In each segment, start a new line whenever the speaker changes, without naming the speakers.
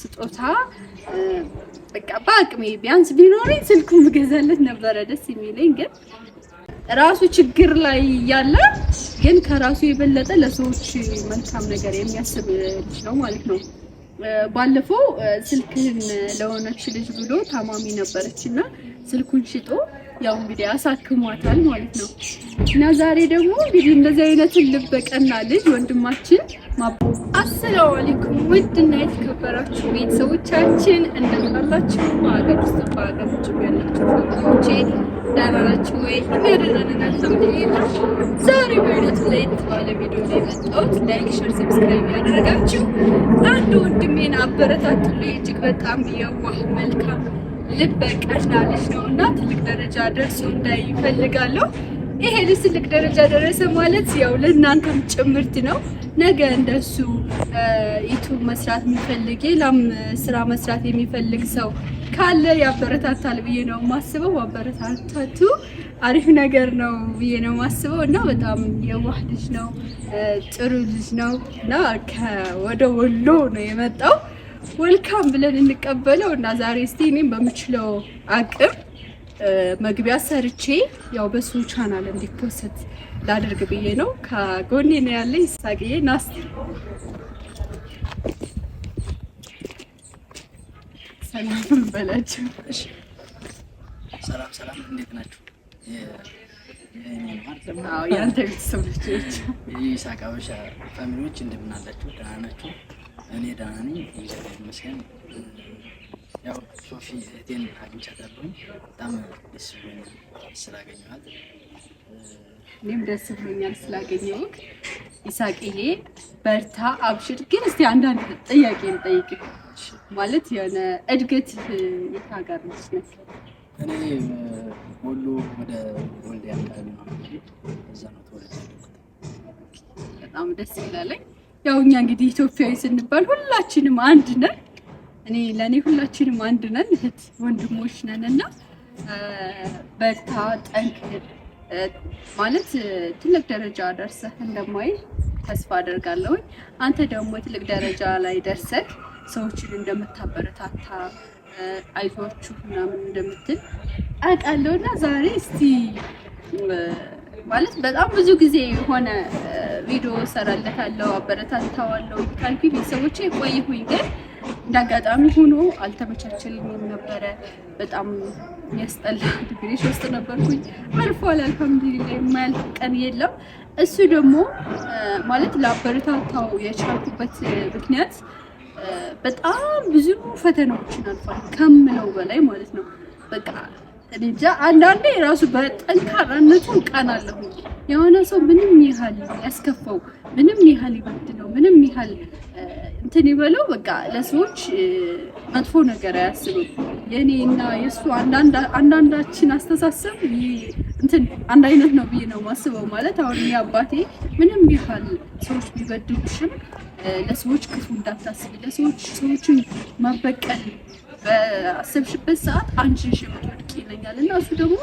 ስጦታ በቃ በአቅሜ ቢያንስ ቢኖረኝ ስልኩ ምገዛለት ነበረ ደስ የሚለኝ ግን ራሱ ችግር ላይ ያለ ግን ከራሱ የበለጠ ለሰዎች መልካም ነገር የሚያስብ ልጅ ነው ማለት ነው። ባለፈው ስልክህን ለሆነች ልጅ ብሎ ታማሚ ነበረች እና ስልኩን ሽጦ ያው እንግዲህ አሳክሟታል ማለት ነው። እና ዛሬ ደግሞ እንግዲህ እንደዚህ አይነትን ልበቀና ልጅ ወንድማችን ማቦ። አሰላሙ አለይኩም ውድና የተከበራችሁ ቤተሰቦቻችን እንደምን አላችሁ? በሀገር ውስጥ በሀገር ውጭ ያላችሁ ወንድሞቼ ደህና ናችሁ ወይ? የሚያደረንናል ዛሬ በአይነቱ ለየት ባለ ቪዲዮ ላይ መጣሁት። ላይክ፣ ሸር፣ ሰብስክራይብ ያደረጋችሁ አንድ ወንድሜን አበረታቱልኝ። እጅግ በጣም የዋህ መልካም ልበ ቀና ልጅ ነው እና ትልቅ ደረጃ ደርሶ እንዳይ ይፈልጋለሁ። ይሄ ልጅ ትልቅ ደረጃ ደረሰ ማለት ያው ለእናንተም ጭምርት ነው። ነገ እንደሱ ዩቱብ መስራት የሚፈልግ ሌላም ስራ መስራት የሚፈልግ ሰው ካለ ያበረታታል ብዬ ነው የማስበው። አበረታታቱ አሪፍ ነገር ነው ብዬ ነው የማስበው እና በጣም የዋህ ልጅ ነው፣ ጥሩ ልጅ ነው እና ወደ ወሎ ነው የመጣው ወልካም ብለን እንቀበለው እና ዛሬ እስቲ እኔም በምችለው አቅም መግቢያ ሰርቼ ያው በሱ ቻናል እንዲፖስት ላደርግ ብዬ ነው። ከጎኔ ነው ያለ ይሳቅዬ ናስቲ ሰላም በላችሁ።
ሰላም ሰላም፣ እንዴት ናችሁ?
የአንተ ቤተሰብ ልጆች
ፋሚሊዎች እንደምን አላችሁ? ደህና ናችሁ? እኔ ደህና ነኝ፣ እግዚአብሔር ይመስገን። ያው ሶፊ እህቴን አግኝቻታለሁኝ። በጣም ደስ ብሎኛል ስላገኘኋት።
እኔም ደስ ብሎኛል ስላገኘሁት። ይሳቅዬ በርታ፣ አብሽር። ግን እስቲ አንዳንድ ጥያቄ እንጠይቅ። ማለት የሆነ እድገት የት ሀገር ነች?
እኔ ወሎ ወደ ወልዲያ አካባቢ ነው። እዛ ነው ተወለድኩት።
በጣም ደስ ይላለኝ ያው እኛ እንግዲህ ኢትዮጵያዊ ስንባል ሁላችንም አንድ ነን። እኔ ለእኔ ሁላችንም አንድ ነን፣ እህት ወንድሞች ነን እና በርታ፣ ጠንክር ማለት ትልቅ ደረጃ ደርሰህ እንደማይ ተስፋ አደርጋለሁኝ። አንተ ደግሞ ትልቅ ደረጃ ላይ ደርሰህ ሰዎችን እንደምታበረታታ አይዟችሁ ምናምን እንደምትል አውቃለሁ እና ዛሬ እስቲ ማለት በጣም ብዙ ጊዜ የሆነ ቪዲዮ እሰራለታለሁ አበረታታዋለሁ ካልኩ ቤተሰቦቼ ቆይሁኝ፣ ግን እንዳጋጣሚ ሆኖ አልተመቻቸልኝም ነበረ። በጣም የሚያስጠላ ዲፕሬሽን ውስጥ ነበርኩኝ። አልፏል፣ አልሐምዱሊላህ የማያልፍ ቀን የለም። እሱ ደግሞ ማለት ለአበረታታው የቻልኩበት ምክንያት በጣም ብዙ ፈተናዎችን አልፏል ከምለው በላይ ማለት እንጃ አንዳንዴ ራሱ በጠንካራነቱን ቀናለሁ። የሆነ ሰው ምንም ያህል ያስከፋው፣ ምንም ያህል ይበድለው፣ ምንም ያህል እንትን ይበለው፣ በቃ ለሰዎች መጥፎ ነገር አያስብም። የእኔ እና የእሱ አንዳንዳችን አስተሳሰብ እንትን አንድ አይነት ነው ብዬ ነው ማስበው። ማለት አሁን አባቴ ምንም ያህል ሰዎች ቢበድሉሽም ለሰዎች ክፉ እንዳታስብ፣ ለሰዎች ሰዎችን ማበቀል በአሰብሽበት ሰዓት አንቺን ሽምድቅ ይለኛል እና እሱ ደግሞ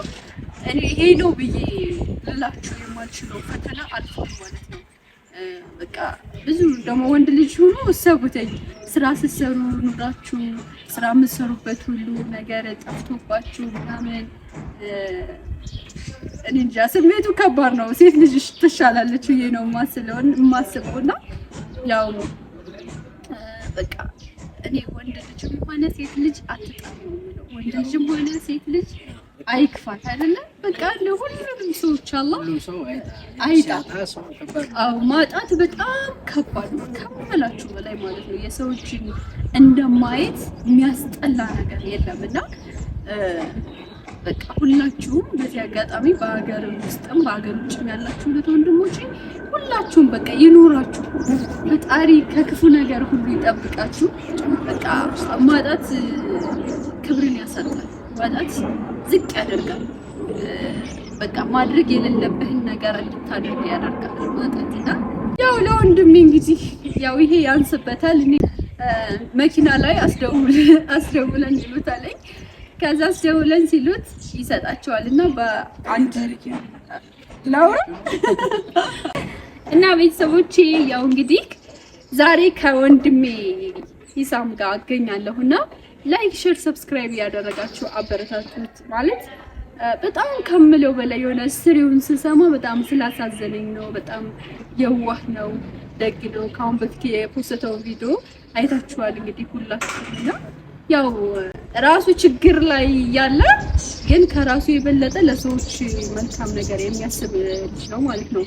ይሄ ነው ብዬ ልላችሁ የማልችለው ፈተና አልፎ ማለት ነው። በቃ ብዙ ደግሞ ወንድ ልጅ ሆኖ እሰቡተኝ ስራ ስትሰሩ ኑራችሁ ስራ የምትሰሩበት ሁሉ ነገር ጠፍቶባችሁ ምናምን እኔ እንጃ ስሜቱ ከባድ ነው። ሴት ልጅ ትሻላለች ብዬ ነው የማስበው እና ያው በቃ እኔ ወንድ ልጅም ሆነ ሴት ልጅ አትጣሉ ነው። ወንድ ልጅም ሆነ ሴት ልጅ አይክፋት አይደለ? በቃ ለሁሉም ሰዎች አላህ አይጣ። ማጣት በጣም ከባድ ነው፣ ከምላችሁ በላይ ማለት ነው። የሰዎችን እንደማየት የሚያስጠላ ነገር የለምና በቃ ሁላችሁም በዚህ አጋጣሚ በሀገር ውስጥም በሀገር ውጭም ያላችሁ እህት ወንድሞቼ ሁላችሁም በቃ ይኖራችሁ፣ ፈጣሪ ከክፉ ነገር ሁሉ ይጠብቃችሁ። በቃ ማጣት ክብርን ያሳጣል፣ ማጣት ዝቅ ያደርጋል። በቃ ማድረግ የሌለብህን ነገር እንድታደርግ ያደርጋል ማጣትና ያው ለወንድሜ እንግዲህ ያው ይሄ ያንስበታል። እኔ መኪና ላይ አስደውለን ይሉታለኝ ከዛ አስደውለን ሲሉት ይሰጣቸዋል እና በአንድ ላውራ እና ቤተሰቦቼ ያው እንግዲህ ዛሬ ከወንድሜ ሂሳም ጋር አገኛለሁ እና ላይክ ሼር ሰብስክራይብ ያደረጋችሁ አበረታቱት ማለት በጣም ከምለው በላይ የሆነ ስሪውን ስሰማ በጣም ስላሳዘነኝ ነው። በጣም የዋህ ነው፣ ደግ ነው። ከአሁን በፊት የፖስተውን ቪዲዮ አይታችኋል እንግዲህ ሁላችሁ ያው ራሱ ችግር ላይ ያለ ግን ከራሱ የበለጠ ለሰዎች መልካም ነገር የሚያስብ ልጅ ነው ማለት ነው።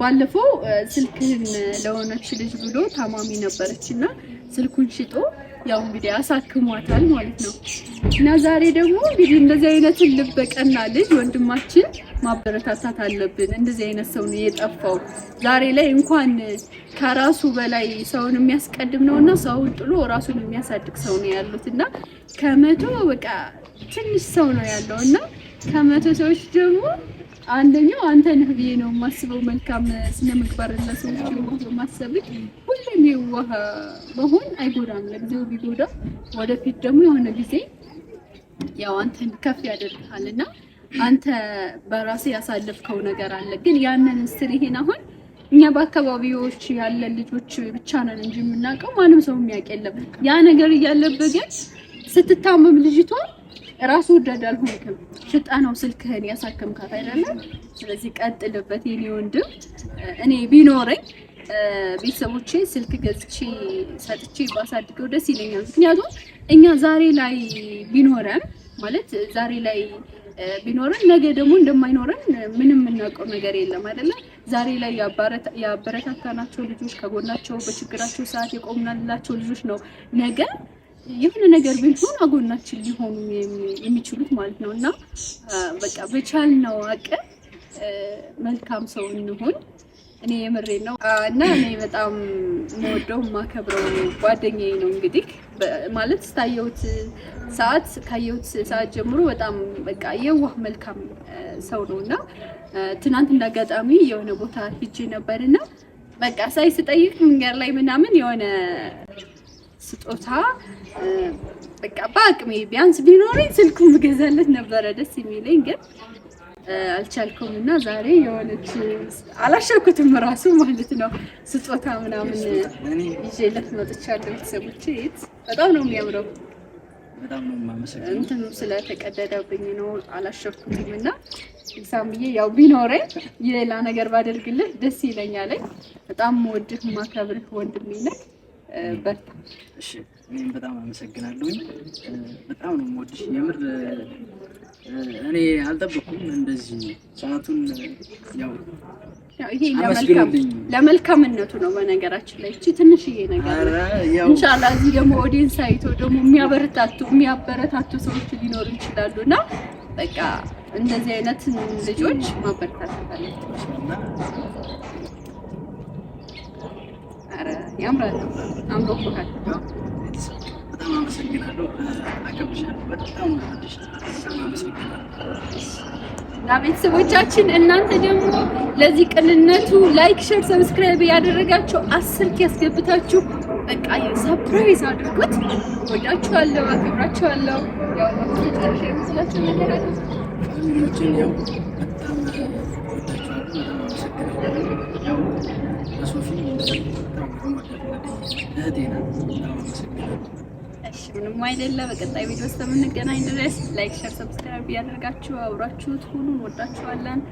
ባለፈው ስልክህን ለሆነች ልጅ ብሎ ታማሚ ነበረች እና ስልኩን ሽጦ ያው እንግዲህ አሳክሟታል ማለት ነው። እና ዛሬ ደግሞ እንግዲህ እንደዚህ ልብ ልበቀና ልጅ ወንድማችን ማበረታታት አለብን። እንደዚህ አይነት ሰው ነው የጠፋው። ዛሬ ላይ እንኳን ከራሱ በላይ ሰውን የሚያስቀድም ነው እና ሰውን ጥሎ ራሱን የሚያሳድግ ሰው ነው ያሉት እና ከመቶ በቃ ትንሽ ሰው ነው ያለው እና ከመቶ ሰዎች ደግሞ አንደኛው አንተ ነህ ብዬ ነው የማስበው። መልካም ስነ ምግባር እና ሰዎች ማሰብክ ሁሌም የዋህ መሆን አይጎዳም። ለጊዜው ቢጎዳ ወደፊት ደግሞ የሆነ ጊዜ ያው አንተን ከፍ ያደርግሃል እና አንተ በራስህ ያሳለፍከው ነገር አለ። ግን ያንን እንስትር ይሄን አሁን እኛ በአካባቢዎች ያለ ልጆች ብቻ ነን እንጂ የምናውቀው ማንም ሰው የሚያውቅ የለም። ያ ነገር እያለበት ግን ስትታመም ልጅቷ ራሱ ወዳድ አልሆንክም። ሽጣ ነው ስልክህን ያሳከምካት አይደለም። ስለዚህ ቀጥልበት የኔ ወንድም። እኔ ቢኖረኝ ቤተሰቦቼ ስልክ ገዝቼ ሰጥቼ ባሳድገው ደስ ይለኛል። ምክንያቱም እኛ ዛሬ ላይ ቢኖረን ማለት ዛሬ ላይ ቢኖረን ነገ ደግሞ እንደማይኖረን ምንም የምናውቀው ነገር የለም አይደለም። ዛሬ ላይ ያበረታታናቸው ልጆች ከጎናቸው በችግራቸው ሰዓት የቆምናላቸው ልጆች ነው ነገ የሆነ ነገር ቢሆን አጎናችን ሊሆኑ የሚችሉት ማለት ነው። እና በቃ በቻልነው አቅም መልካም ሰው እንሆን። እኔ የምሬ ነው እና እኔ በጣም መወደው ማከብረው ጓደኛዬ ነው። እንግዲህ ማለት ስታየሁት ሰዓት ካየሁት ሰዓት ጀምሮ በጣም በቃ የዋህ መልካም ሰው ነው እና ትናንት እንዳጋጣሚ የሆነ ቦታ ሂጄ ነበርና በቃ ሳይ ስጠይቅ መንገድ ላይ ምናምን የሆነ ስጦታ በቃ በአቅሜ ቢያንስ ቢኖረኝ ስልኩን ብገዛለት ነበረ ደስ የሚለኝ ግን አልቻልኩም እና ዛሬ የሆነች አላሸኩትም ራሱ ማለት ነው ስጦታ ምናምን ይዤለት መጥቻለሁ። ቤተሰቦች ት በጣም ነው የሚያምረው። እንትኑ ስለተቀደደብኝ ነው አላሸኩትም እና እዛም ብዬ ያው ቢኖረኝ የሌላ ነገር ባደርግልህ ደስ ይለኛለኝ። በጣም ወድህ ማከብርህ ወንድሜ ነህ። በርታ።
እሺ፣ እኔም በጣም አመሰግናለሁኝ። በጣም ነው የምወድሽ የምር እኔ አልጠበኩም እንደዚህ ሰዓቱን። ያው
ይሄ ለመልካምነቱ ነው። በነገራችን ላይ እቺ ትንሽዬ ነገር ኢንሻአላህ፣ እዚህ ደግሞ ኦዲየንስ አይቶ ደግሞ የሚያበረታቱ የሚያበረታቱ ሰዎች ሊኖሩ ይችላሉ እና በቃ እንደዚህ አይነት ልጆች ማበረታታት አለብን። ያምራል። አምሮ
በጣም አመሰግናለሁ።
ቤተሰቦቻችን እናንተ ደግሞ ለዚህ ቅንነቱ ላይክ፣ ሼር፣ ሰብስክራይብ ያደረጋችሁ አስር ያስገብታችሁ በቃ ሰርፕራይዝ አድርጉት። ወዳችኋለሁ፣ አከብራችኋለሁ። ያው ምንም አይደለ። በቀጣይ ቪዲዮ እስከምንገናኝ ድረስ ላይክ፣ ሸር፣ ሰብስክራይብ ያደርጋችሁ አብራችሁት ሁሉ እንወዳችኋለን።